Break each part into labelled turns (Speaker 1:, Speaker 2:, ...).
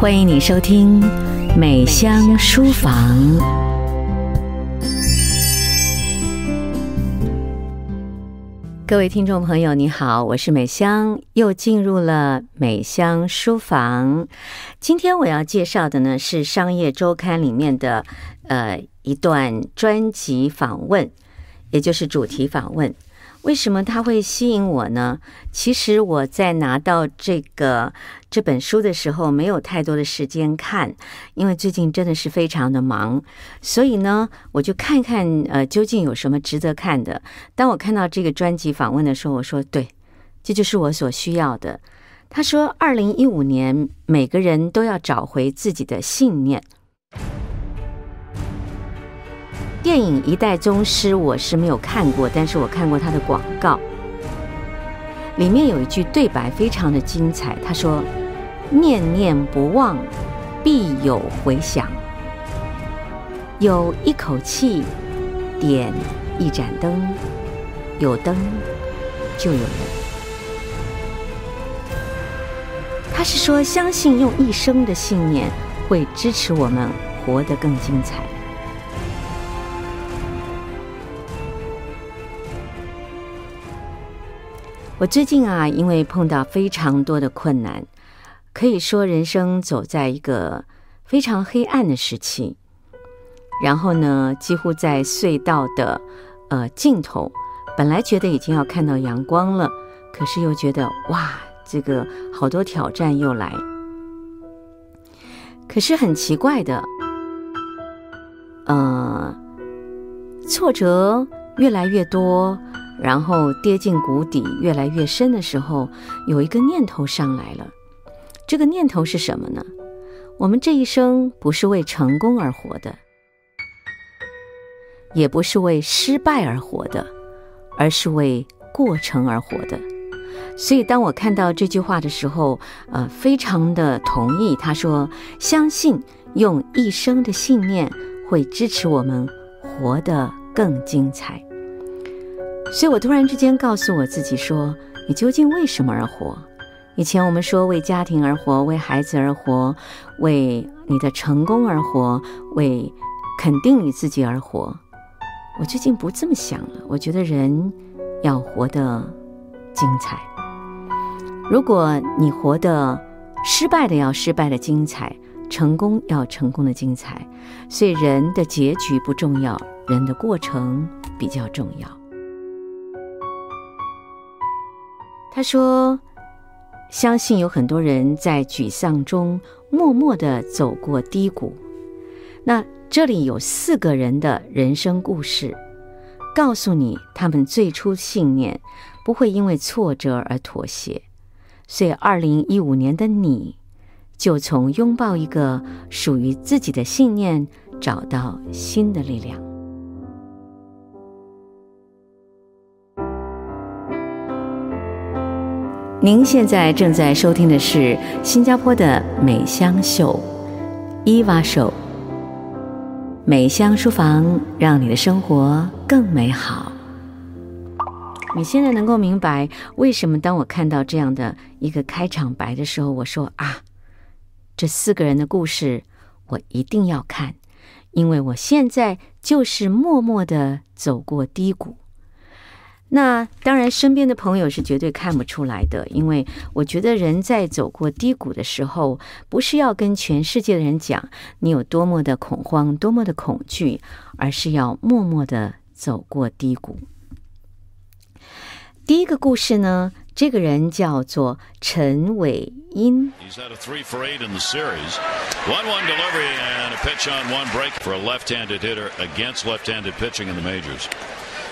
Speaker 1: 歡迎你收聽美香書房。美香。各位聽眾朋友，你好，我是美香，又進入了美香書房。今天我要介紹的呢是《商業週刊》裡面的呃一段專輯訪問，也就是主題訪問。為什麼他會吸引我呢？其實我在拿到這個這本書的時候，沒有太多的時間看，因為最近真的是非常的忙，所以呢，我就看一看呃究竟有什麼值得看的。當我看到這個專輯訪問的時候，我說：“對，這就是我所需要的。”他說：“二零一五年，每個人都要找回自己的信念。”電影《一代宗師》我是沒有看過，但是我看過他的廣告。裡面有一句對白非常的精彩，他說：“念念不忘，必有回響。有一口氣，點一盞燈，有燈就有人。”他是說，相信用一生的信念會支持我們活得更精彩。我最近啊，因為碰到非常多的困難，可以說人生走在一個非常黑暗的時期。然後呢，幾乎在隧道的呃盡頭，本來覺得已經要看到陽光了，可是又覺得哇，這個好多挑戰又來。可是很奇怪的，呃，挫折越來越多。然後跌進谷底，越來越深的時候，有一個念頭上來了。這個念頭是什麼呢？我們這一生不是為成功而活的，也不是為失敗而活的，而是為過程而活的。所以，當我看到這句話的時候，呃，非常的同意。他說：“相信用一生的信念，會支持我們活得更精彩。”所以，我突然之間告訴我自己說：“你究竟為什麼而活？”以前我們說為家庭而活，為孩子而活，為你的成功而活，為肯定你自己而活。我最近不這麼想了。我覺得人要活得精彩。如果你活得失敗的，要失敗的精彩；成功要成功的精彩。所以，人的結局不重要，人的過程比較重要。他說：“相信有很多人在沮喪中默默地走過低谷。那這裡有四個人的人生故事，告訴你他們最初信念不會因為挫折而妥協。所以，二零一五年的你就從擁抱一個屬於自己的信念，找到新的力量。”您現在正在收聽的是新加坡的美香秀，伊娃秀。美香書房，讓你的生活更美好。你現在能夠明白，為什麼當我看到這樣的一個開場白的時候，我說啊，這四個人的故事我一定要看，因為我現在就是默默的走過低谷。那當然，身邊的朋友是絕對看不出來的，因為我覺得人在走過低谷的時候，不是要跟全世界的人講你有多麼的恐慌、多麼的恐懼，而是要默默的走過低谷。第一個故事呢，這個人叫做陳偉英。He's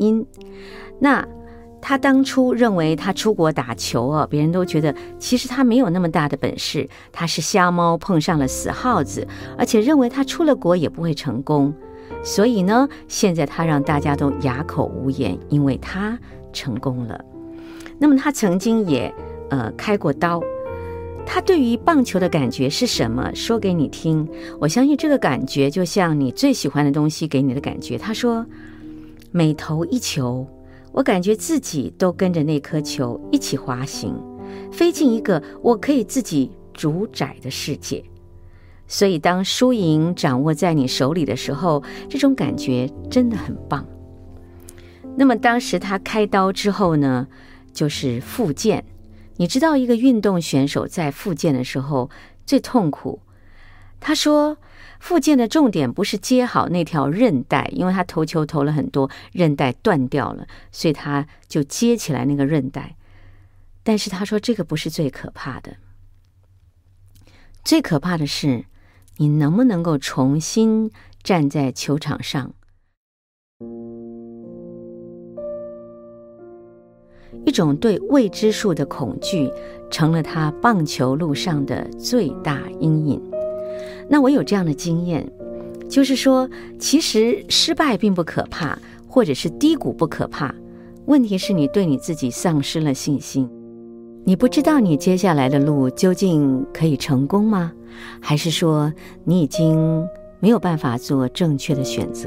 Speaker 1: 因，那他當初認為他出國打球哦、啊，別人都覺得其實他沒有那麼大的本事，他是瞎貓碰上了死耗子，而且認為他出了國也不會成功。所以呢，現在他讓大家都啞口無言，因為他成功了。那麼他曾經也呃開過刀，他對於棒球的感覺是什麼？說給你聽，我相信這個感覺就像你最喜歡的東西給你的感覺。他說。每投一球，我感覺自己都跟着那顆球一起滑行，飛進一個我可以自己主宰的世界。所以，當輸贏掌握在你手裡的時候，這種感覺真的很棒。那麼，當時他開刀之後呢，就是復健。你知道，一個運動選手在復健的時候最痛苦。他說：“復健的重點不是接好那條韌帶，因為他投球投了很多，韌帶斷掉了，所以他就接起來那個韌帶。但是他說，這個不是最可怕的，最可怕的是你能不能夠重新站在球場上。一種對未知數的恐懼，成了他棒球路上的最大陰影。”那我有這樣的經驗，就是說，其實失敗並不可怕，或者是低谷不可怕，問題是你對你自己喪失了信心，你不知道你接下來的路究竟可以成功嗎？還是說你已經沒有辦法做正確的選擇？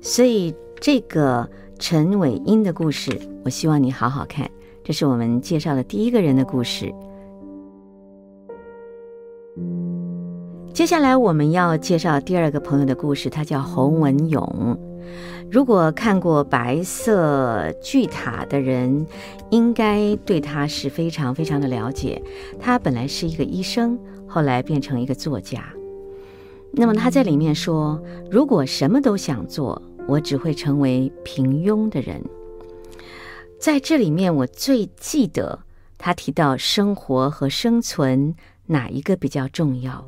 Speaker 1: 所以，這個陳偉英的故事，我希望你好好看，這是我們介紹的第一個人的故事。接下來我們要介紹第二個朋友的故事，他叫侯文詠。如果看過《白色巨塔》的人，應該對他是非常非常的了解。他本來是一個醫生，後來變成一個作家。那麼他在裡面說：“如果什麼都想做，我只會成為平庸的人。”在這裡面，我最記得他提到生活和生存哪一個比較重要。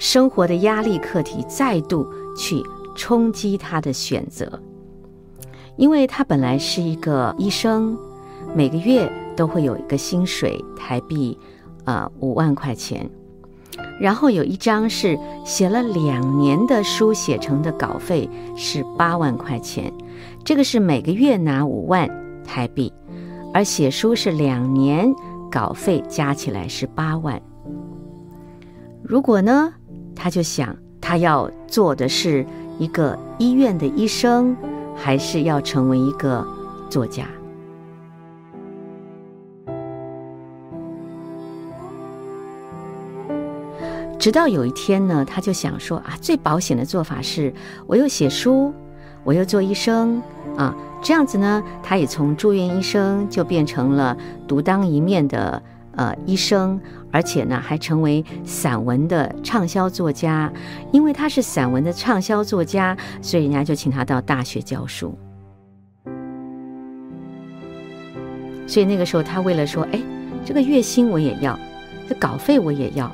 Speaker 1: 生活的壓力課題再度去衝擊他的選擇，因為他本來是一個醫生，每個月都會有一個薪水台幣，呃五萬塊錢，然後有一張是寫了兩年的書寫成的稿費是八萬塊錢，這個是每個月拿五萬台幣，而寫書是兩年稿費加起來是八萬，如果呢？他就想，他要做的是一個醫院的醫生，還是要成為一個作家？直到有一天呢，他就想說啊，最保險的做法是，我又寫書，我又做醫生啊，這樣子呢，他也從住院醫生就變成了獨當一面的。呃，醫生，而且呢，還成為散文的暢銷作家。因為他是散文的暢銷作家，所以人家就請他到大學教書。所以那個時候，他為了說，哎，這個月薪我也要，這稿費我也要。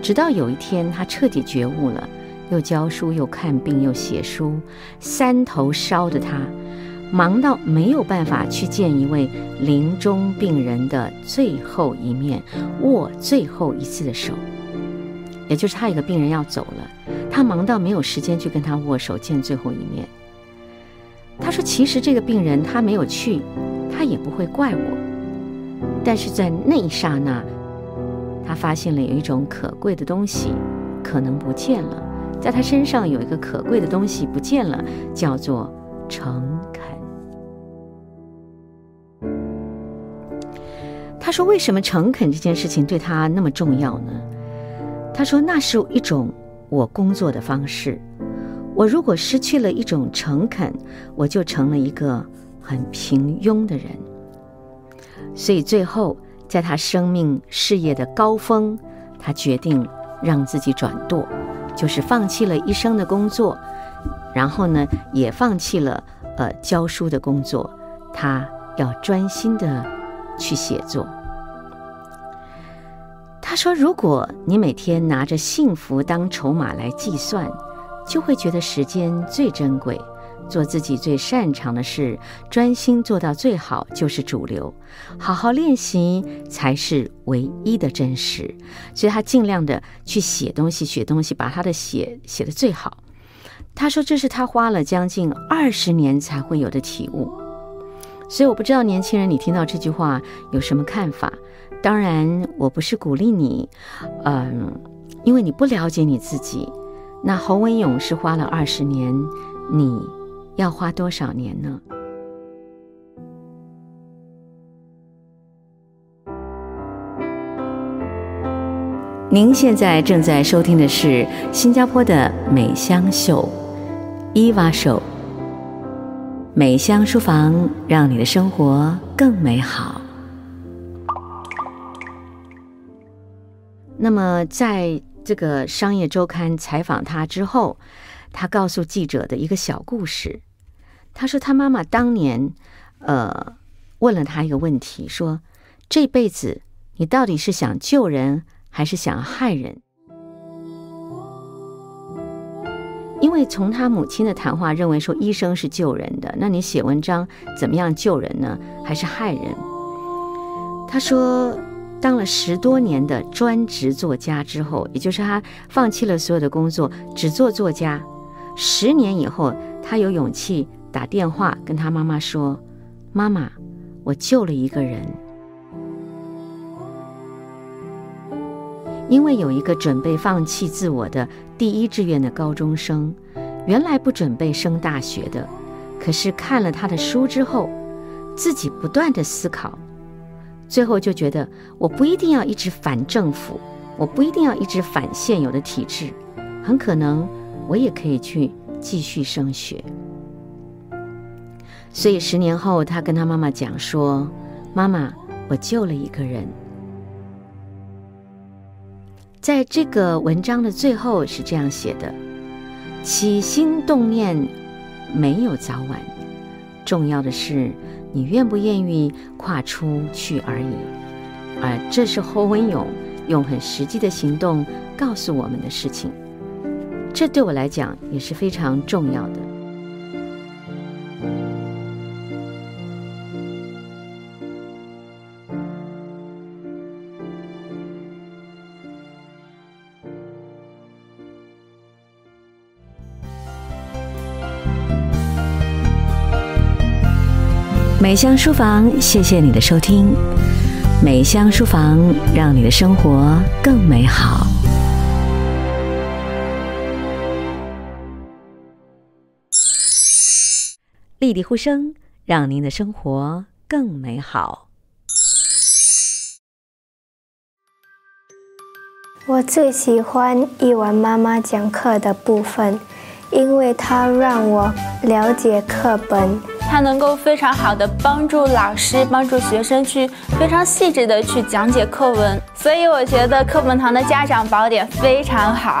Speaker 1: 直到有一天，他徹底覺悟了。又教書，又看病，又寫書，三頭燒的他，忙到沒有辦法去見一位臨終病人的最後一面，握最後一次的手。也就是他一個病人要走了，他忙到沒有時間去跟他握手，見最後一面。他說：“其實這個病人他沒有去，他也不會怪我。但是在那一剎那，他發現了有一種可貴的東西，可能不見了。”在他身上有一個可貴的東西不見了，叫做誠懇。他說：“為什麼誠懇這件事情對他那麼重要呢？”他說：“那是一種我工作的方式。我如果失去了一種誠懇，我就成了一個很平庸的人。所以最後，在他生命事業的高峰，他決定讓自己轉舵。”就是放棄了醫生的工作，然後呢，也放棄了呃教書的工作，他要專心的去寫作。他說：“如果你每天拿着幸福當籌碼來計算，就會覺得時間最珍貴。”做自己最擅長的事，專心做到最好就是主流。好好練習才是唯一的真實。所以他盡量的去寫東西，寫東西，把他的寫寫得最好。他說這是他花了將近二十年才會有的體悟。所以我不知道年輕人，你聽到這句話有什麼看法？當然我不是鼓勵你，嗯，因為你不了解你自己。那侯文勇是花了二十年，你要花多少年呢？您現在正在收聽的是新加坡的美香秀、伊娃秀，美香書房，讓你的生活更美好。那麼，在這個商業周刊採訪他之後。他告訴記者的一個小故事，他說他媽媽當年，呃，問了他一個問題，說這輩子你到底是想救人還是想害人？因為從他母親的談話認為說醫生是救人的，那你寫文章怎麼樣救人呢？還是害人？他說當了十多年的專職作家之後，也就是他放棄了所有的工作，只做作家。十年以後，他有勇氣打電話跟他媽媽說：“媽媽，我救了一個人，因為有一個準備放棄自我的第一志願的高中生，原來不準備升大學的，可是看了他的書之後，自己不斷地思考，最後就覺得我不一定要一直反政府，我不一定要一直反現有的體制，很可能。”我也可以去繼續升學，所以十年後，他跟他媽媽講說：“媽媽，我救了一個人。”在這個文章的最後是這樣寫的：“起心動念沒有早晚，重要的是你願不願意跨出去而已。”而這是侯文勇用很實際的行動告訴我們的事情。這對我來講也是非常重要的。美香書房，謝謝你的收聽。美香書房，讓你的生活更美好。利利呼聲，讓您的生活更美好。我最喜歡一完媽媽講課的部分，因為她讓我了解課本，她能夠非常好的幫助老師、幫助學生去非常細緻的去講解課文。所以我覺得課本堂的家長寶典非常好。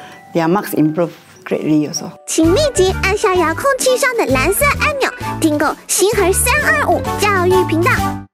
Speaker 1: Yeah, Max improved greatly 請立即按下遙控器上的藍色按鈕，訂購星河三二五教育頻道。